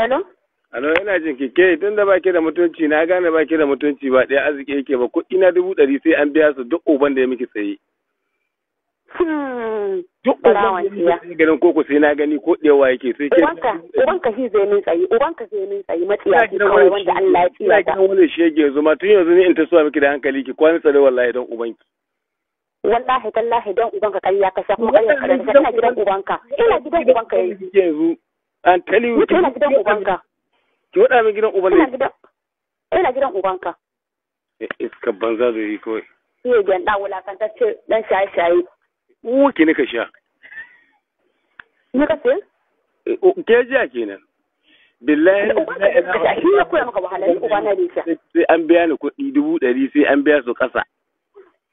Alo? Alo yana jin kike tun da baki da mutunci na gane baki da mutunci ba ɗaya arziki yake ba kuɗi na dubu ɗari sai an biya su duk uban da ya miki tsaye. Hmm, duk uban da ya miki koko sai na gani ko ɗewa yake sai ke. Ubanka shi zai min tsaye ubanka zai min tsaye kawai wanda Allah ya Ina wani yanzu ma tun yanzu ne in ta suwa miki da hankali ki tsare wallahi don ubanki. Wallahi tallahi don ubanka ƙarya ka kuma ƙarya ka ina gidan ubanka ina gidan ubanka yanzu. I'm telling you. Ina gidan ubanka. Ki wada min gidan ubanka. Ina gidan. Ina gidan ubanka. Eh, Iska banza da yi kawai. Iya gyan da ce dan shaye-shaye. Uwa ki ka sha. ne ka ce? Eh, oh, ke jiya kenan. billahi na ina shi ya koya maka wahala ni uba na sai an biya ni kuɗi dubu ɗari sai an biya su ƙasa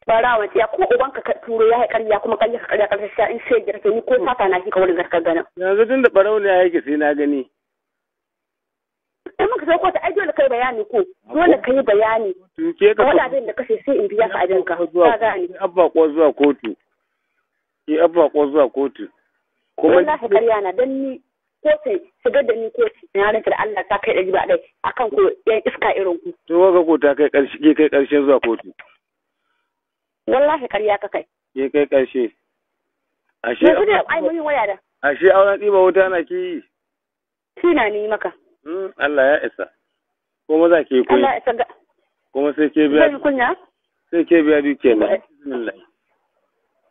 barawa ya ko uban ka turo ya ya kuma ƙarya ka karya karya sha in shege kake ni ko sata na shi ka wani zarkar ganin yanzu tun da barau ne yake sai na gani in muka sai ko ta ai dole kai bayani ko dole kai bayani ka wani abin da kashe sai in biya ka abin ka ka gane abba ko zuwa kotu ki abba ko zuwa kotu kuma na karya na dan ni ko sai shigar da ni ko na rinka da Allah ta kai ɗari ba dai akan ko yan iska irin ku to ga ko ta kai ƙarshe kai karshen zuwa kotu wallahi ƙarya ka kai ke kai ƙarshe. ashe yanzu ne ai mun waya da ashe auren ɗiba wuta na ki yi na ni maka hmm, Allah ya isa Ko za ki koyi Allah isa ga kuma sai ke biya zai kunya sai ke biya duk kenan bismillah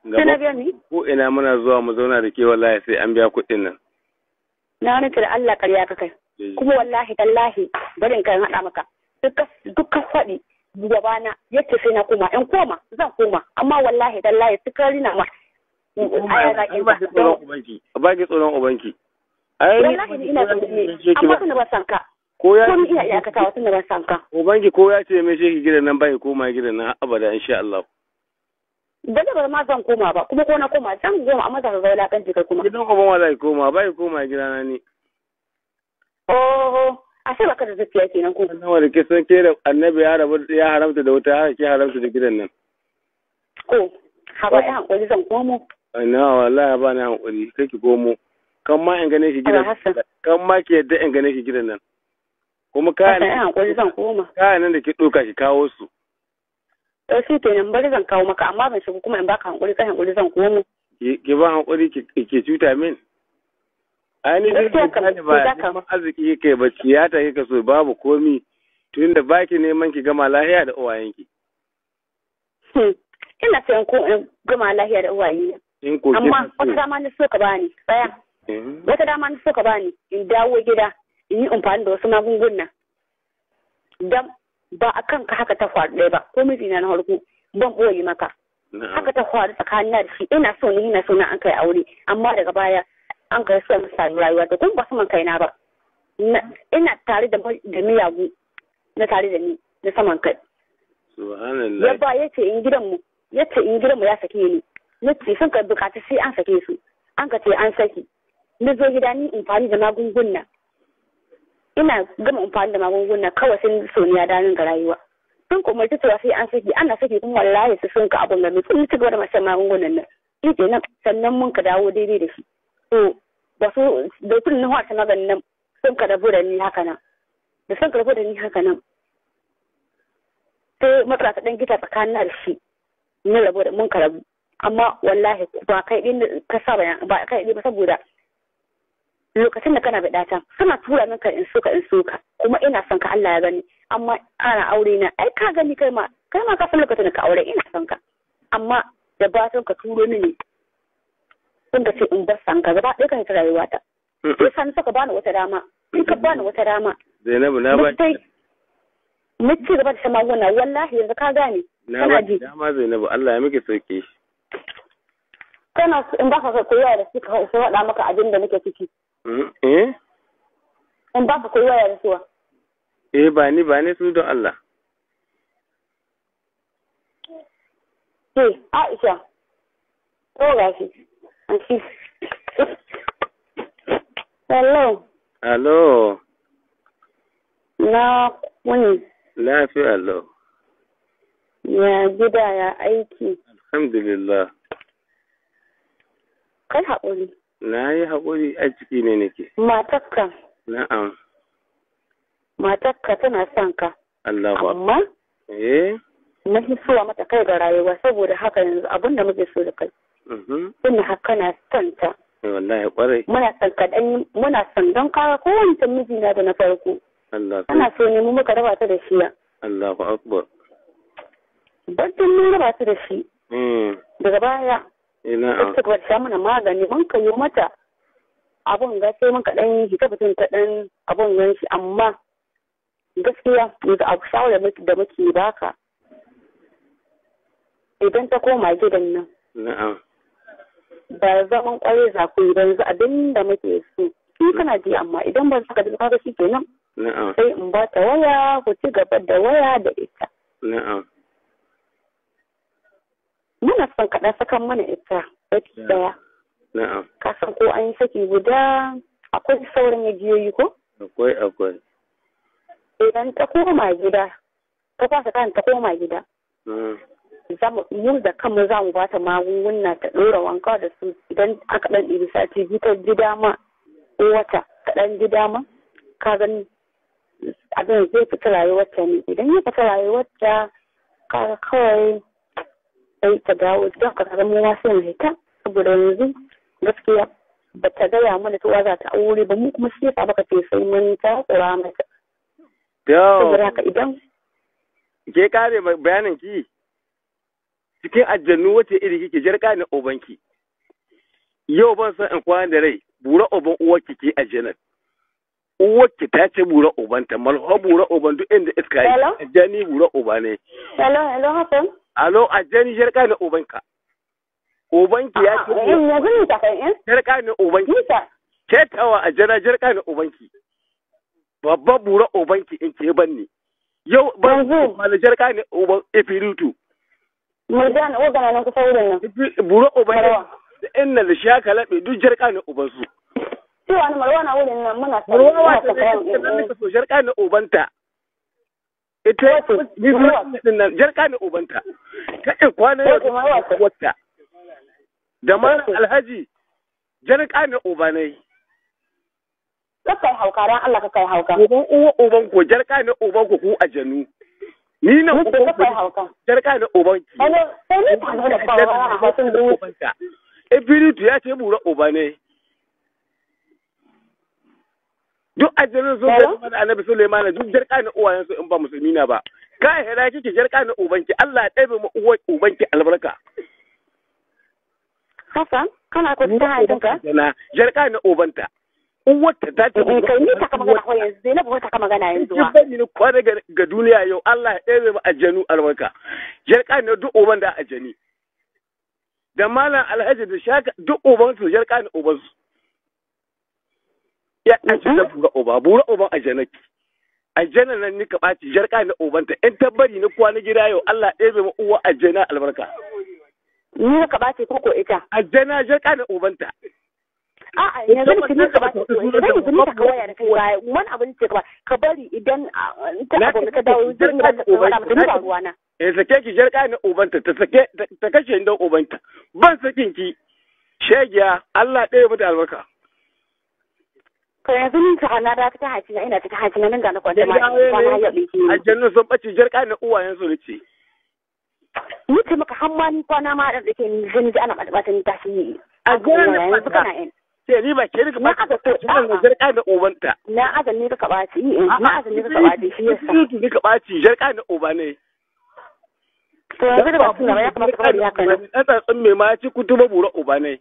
Kana biya ni? Ko ina muna zuwa mu zauna da ke wallahi sai an biya kuɗin nan. Na wani da Allah ƙarya ka kai. Eh. Kuma wallahi tallahi barin kan haɗa maka. Duk ka faɗi gabana yace sai na koma in koma zan koma amma wallahi su kari na ma ba ki tsoron ubanki wallahi ni tsoron ne amma tana ba sanka ko ya ko iya iyakatawa tana ba sanka ubanki ko ya ce me shi gidan nan bai koma gidan nan abada insha Allah da da ma zan koma ba kuma ko na koma zan koma amma zaka ga kan jikar kuma gidan wala wallahi koma bai koma gidana ne oh a sai baka da tafiya kenan ko nawa da kisan ke da annabi ya rabu ya haramta da wuta ya ke haramta da gidan nan ko haba ya hankali zan komo na wallahi ba ni hankali kake komo kan ma in gane shi gidan kan ma ki yadda in gane shi gidan nan kuma kayan kayan nan da ke ɗauka ki kawo su to eh, shi to nan bari zan kawo maka amma ban shiga kuma in baka hankali kai hankali zan komo ki ba hankali ki cuta min ainihin cuta ne ba neman arziki yake ba ciyata kika so babu komi tun da baki neman ki gama lahiya da uwayenki. Hmm. Ina sayan ko in gama lahiya da uwaye. ne Amma wata dama ni so ka bani tsaya. Eh. Wata dama ni so ka bani in dawo gida in yi amfani da wasu magunguna. Dan ba a kanka haka ta faru ɗaya ba ko zina na farko ban ɓoye maka. Haka ta faru tsakanin da shi ina so ni ina so na an kai aure amma daga baya an ga sa masa rayuwa da kuma ba saman kaina ba ina tare da miyagu na tare da ni na saman kai ya ba ya ce in gidan ya ce in gidan mu ya sake ni na ce sun ka bukaci sai an sake su an ka ce an saki na zo gida ni fari da magunguna ina gama fari da magunguna kawai sun soniya danin ga rayuwa sun kuma ta cewa sai an saki ana saki kuma wallahi su sun ka abun da sun ci gaba da masan magungunan nan shi kenan sannan mun ka dawo daidai da shi so ba su da tun na wata magani nan sun ka da ni haka nan da sun ka da ni haka nan sai matsala ta dan gita tsakanin na shi mun rabu da mun karabu amma wallahi ba kai din ka sa ba kai din saboda lokacin da kana bada ta suna tura min ka in suka in suka kuma ina son ka Allah ya gani amma ana aure na ai ka gani kai ma kai ma ka san lokacin da ka aure ina son ka amma da ba ka turo mini sun ka ce in bar sanka gaba ɗaya kan rayuwa ta sai sani saka bani wata dama in ka bani wata dama Zainabu na ba mu ci gaba da shama wannan wallahi yanzu ka gane na ba dama Zainabu Allah ya muke sauke shi kana in ba ka koyar da su ka hausa faɗa maka abin da nake ciki mm, eh in ba ka koyar da suwa eh ba ni ba ni su don Allah eh Aisha ga gashi Hello. Hello. Na kuni. Lafiya lau. Ya gida ya aiki. Alhamdulillah. Kai haƙuri. Na yi haƙuri a ciki ne nake. Matakka. Na'am. Matakka tana son ka. Allahu Amma? Eh. Na fi mata kai ga rayuwa saboda haka yanzu abinda muke so da kai. Sun mhm. haka na son ta. Eh, wallahi kwarai. Muna son kaɗan muna son don kawo kowancan mijina da na farko. Allah. Ana so ne mu muka raba ta da shi ya. Allahu Akbar. Baddin mun raba ta da shi. Mm. Daga baya. Ina. Ta bar sha mana magani mun yi mata. Abun ga sai mun kaɗan hita shi ta ɗan abun yan shi amma gaskiya daga abu shawara da muke baka. Idan ta koma gidan nan. Na'am. ba zaman kwaye za ku yi don yanzu abin da muke su sun kana ji amma idan ban saka duka ga shi kenan sai in ba ta waya ku ci gaba da waya da ita muna son kaɗan sakan mana ita saki ɗaya, ka san ko an yi saki guda akwai sauran yajiyoyi ko akwai akwai idan ta koma gida ta kwasa kan ta koma gida za mu mu da kanmu za mu bata magunguna ta ɗora wanka da su idan aka ɗan ɗibi sati biyu ta ji dama wata kaɗan ɗan ji dama ka gani abin zai fita rayuwarta ne idan ya fita rayuwarta ka kawai sai ta dawo don ka zama mu ma sai mu hita saboda yanzu gaskiya ba ta gaya mana ta za ta aure ba mu kuma shi ka baka ce sai mun ta tsura mata. Yau. Saboda haka idan. Ke kare bayanin ki. cikin aljannu wace iri kike jarka ne obanki yau ban san in kwana da rai bura oban uwa kike a janar aljanar ki ta ce bura oban ta malho bura oban duk inda iska yi ajani bura oba ne hello hello hasan alo ajani jarka ne obanka obanki ya ce jarka ne obanki ke tawa a ajana jarka ne obanki babba bura obanki in ke ban ne yau ban manajar ka ne oban ifiritu Murjan ogana nan kusa wurin nan. Buro uban da ɗan nan da shi haka laɓe duk jarka ne uban su. Cewa na marwa na wurin nan muna sa Marwa wa eh. ta zai ka so jarka ne ubanta. Ita ya ni zuwa nan jarka ne ubanta. Ta in kwana yau da wata. Da ma alhaji jarka ne ubanai. Kakai hauka ran Allah kakai hauka. Uban uwa uban ko jarka ne uban ku ku a janu. ni na hukun hukun jarka na ubanki ebiritu ya ce bura uba ne duk ajirin sun zai kuma da annabi suleiman duk jarka na uwayensu in ba musulmi na ba kai hira kike jarka na ubanki Allah ya ɗabe mu uwan ubanki albarka Hassan kana ko kwatanta hajjinka? Jarka na ubanta. uwarta ta ce in eh, kai ni ta ka magana kawai yanzu Zainab wata ka magana yanzu wa bani ni kwana ga duniya yau Allah ya ɗebe mu ajanu albarka jarka ne duk uban da ajani da malam alhaji da shaka duk uban su jarka ne uban su ya aji da bura uba bura uban ajanaki ajana nan ni ka ɓaci jarka ne uban ta in tabbari ni kwana gida yau Allah ya ɗebe mu uwa ajana albarka ni ka ɓaci ko ita ajana jarka ne uban ta a'a yanzu ka ne ka ba yanzu ne ka waya da kai baya wani abin ce ba ka bari idan ah, ta abu ka dawo zan ba ta wani abu ba E! Eh, sake ki jarka na ubanta ta sake ta kashe inda ubanta ban sakin ki shegiya Allah ɗaya mata albarka to yanzu ni ka na da ta haji ina ta haji nan ga na kwanta ma kwana ya biki aljannu sun bace jarka na uwayen su ne ce ni ce maka har ma ni kwana ma da take ni zan ji ana ɓata ni tashi a gona ne kana yin sai ni ba ke ba ka zarka na ubanta na azumi rika baci na baci shi yasa ni ka baci zarka eh, na uba to yanzu da ba ya kamata ka haka ne dan mai ma ci kutuba bura uba